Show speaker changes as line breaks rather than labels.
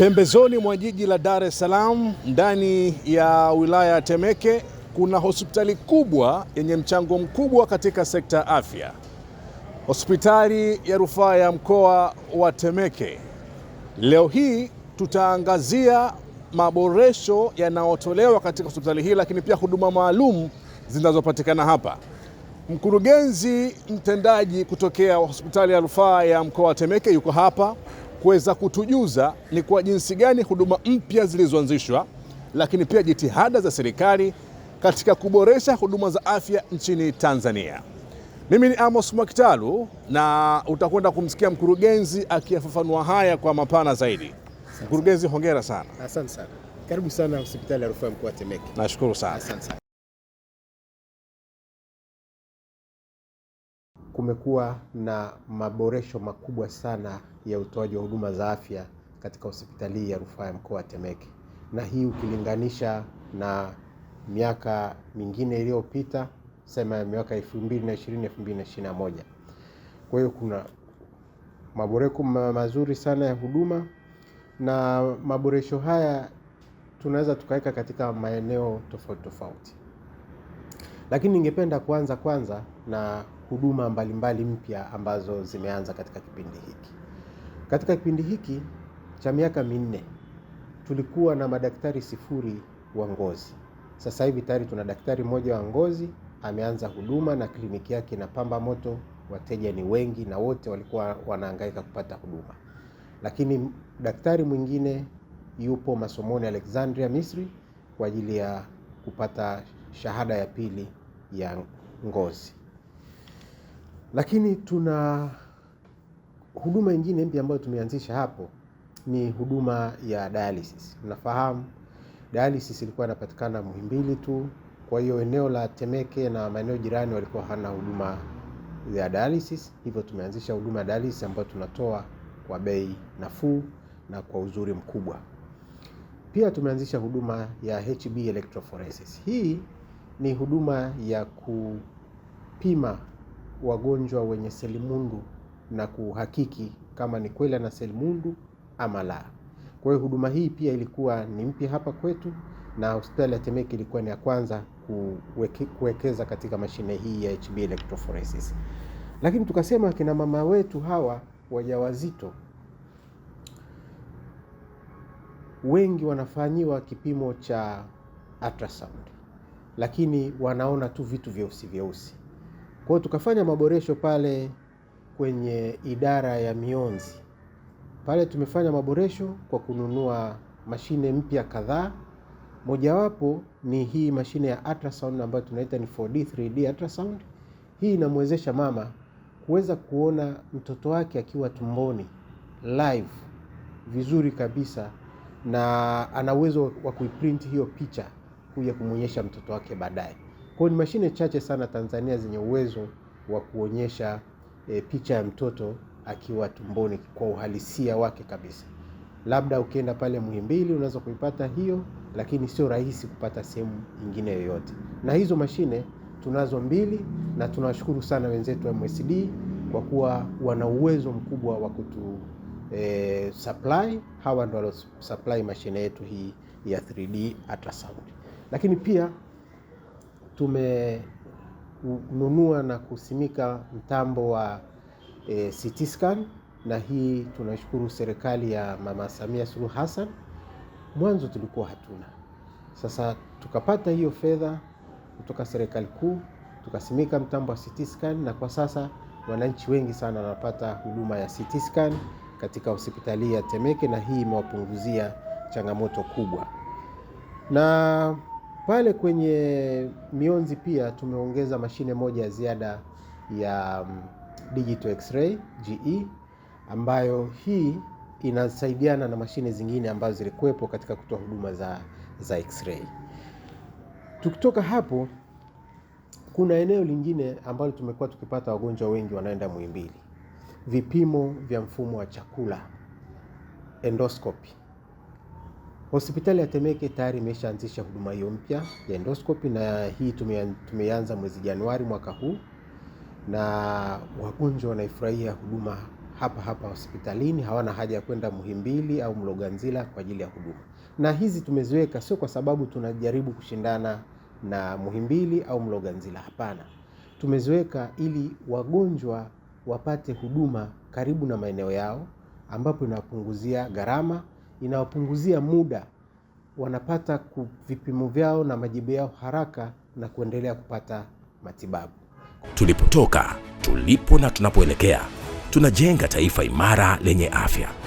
Pembezoni mwa jiji la Dar es Salaam ndani ya wilaya ya Temeke kuna hospitali kubwa yenye mchango mkubwa katika sekta ya afya. Hospitali ya Rufaa ya Mkoa wa Temeke. Leo hii tutaangazia maboresho yanayotolewa katika hospitali hii, lakini pia huduma maalum zinazopatikana hapa. Mkurugenzi mtendaji kutokea hospitali ya Rufaa ya Mkoa wa Temeke yuko hapa kuweza kutujuza ni kwa jinsi gani huduma mpya zilizoanzishwa, lakini pia jitihada za serikali katika kuboresha huduma za afya nchini Tanzania. Mimi ni Amos Mwakitalu na utakwenda kumsikia mkurugenzi akiyafafanua haya kwa mapana zaidi. Mkurugenzi, hongera sana.
Asante sana. Karibu sana hospitali ya rufaa mkoa wa Temeke. Nashukuru sana. Asante sana. kumekuwa na maboresho makubwa sana ya utoaji wa huduma za afya katika hospitali ya rufaa ya mkoa wa Temeke, na hii ukilinganisha na miaka mingine iliyopita, sema ya miaka 2020 2021. Kwa hiyo kuna maboreko mazuri sana ya huduma, na maboresho haya tunaweza tukaweka katika maeneo tofauti tofauti. Lakini ningependa kuanza kwanza na huduma mbalimbali mpya ambazo zimeanza katika kipindi hiki. Katika kipindi hiki cha miaka minne tulikuwa na madaktari sifuri wa ngozi. Sasa hivi tayari tuna daktari mmoja wa ngozi ameanza huduma na kliniki yake inapamba moto, wateja ni wengi na wote walikuwa wanahangaika kupata huduma. Lakini daktari mwingine yupo masomoni Alexandria, Misri kwa ajili ya kupata shahada ya pili ya ngozi. Lakini tuna huduma nyingine mpya ambayo tumeanzisha hapo ni huduma ya dialysis. Mnafahamu dialysis ilikuwa inapatikana Muhimbili tu, kwa hiyo eneo la Temeke na maeneo jirani walikuwa hana huduma ya dialysis, hivyo tumeanzisha huduma ya dialysis ambayo tunatoa kwa bei nafuu na kwa uzuri mkubwa. Pia tumeanzisha huduma ya HB electrophoresis. Hii ni huduma ya kupima wagonjwa wenye selimundu na kuhakiki kama ni kweli ana selimundu ama la. Kwa hiyo huduma hii pia ilikuwa ni mpya hapa kwetu, na hospitali ya Temeke ilikuwa ni ya kwanza kuweke, kuwekeza katika mashine hii ya HB electrophoresis. Lakini tukasema kina mama wetu hawa wajawazito wengi wanafanyiwa kipimo cha ultrasound lakini wanaona tu vitu vyeusi vyeusi. Kwa hiyo tukafanya maboresho pale kwenye idara ya mionzi pale, tumefanya maboresho kwa kununua mashine mpya kadhaa, mojawapo ni hii mashine ya ultrasound ambayo tunaita ni 4D 3D ultrasound. Hii inamwezesha mama kuweza kuona mtoto wake akiwa tumboni live vizuri kabisa, na ana uwezo wa kuiprint hiyo picha kuja kumwonyesha mtoto wake baadaye. Kwa hiyo ni mashine chache sana Tanzania zenye uwezo wa kuonyesha e, picha ya mtoto akiwa tumboni kwa uhalisia wake kabisa. Labda ukienda pale Muhimbili unaweza kuipata hiyo, lakini sio rahisi kupata sehemu nyingine yoyote. Na hizo mashine tunazo mbili, na tunawashukuru sana wenzetu wa MSD kwa kuwa wana uwezo mkubwa wa kutu e, supply. Hawa ndio walio supply mashine yetu hii ya 3D ultrasound. Lakini pia tumenunua na kusimika mtambo wa e, eh, CT scan na hii tunashukuru serikali ya Mama Samia Suluhu Hassan. Mwanzo tulikuwa hatuna, sasa tukapata hiyo fedha kutoka serikali kuu tukasimika mtambo wa CT scan, na kwa sasa wananchi wengi sana wanapata huduma ya CT scan katika hospitali ya Temeke, na hii imewapunguzia changamoto kubwa na pale kwenye mionzi pia tumeongeza mashine moja ya ziada ya mm, digital x-ray GE ambayo hii inasaidiana na mashine zingine ambazo zilikuwepo katika kutoa huduma za, za x-ray. Tukitoka hapo, kuna eneo lingine ambalo tumekuwa tukipata wagonjwa wengi wanaenda Muhimbili, vipimo vya mfumo wa chakula endoscopy. Hospitali ya Temeke tayari imeshaanzisha huduma hiyo mpya ya endoscopy na hii tumeanza mwezi Januari mwaka huu, na wagonjwa wanaifurahia huduma hapa hapa hospitalini, hawana haja ya kwenda Muhimbili au Mloganzila kwa ajili ya huduma. Na hizi tumeziweka sio kwa sababu tunajaribu kushindana na Muhimbili au Mloganzila, hapana. Tumeziweka ili wagonjwa wapate huduma karibu na maeneo yao, ambapo inapunguzia gharama inawapunguzia muda, wanapata vipimo vyao na majibu yao haraka na kuendelea kupata matibabu. Tulipotoka, tulipo na tunapoelekea, tunajenga taifa imara lenye afya.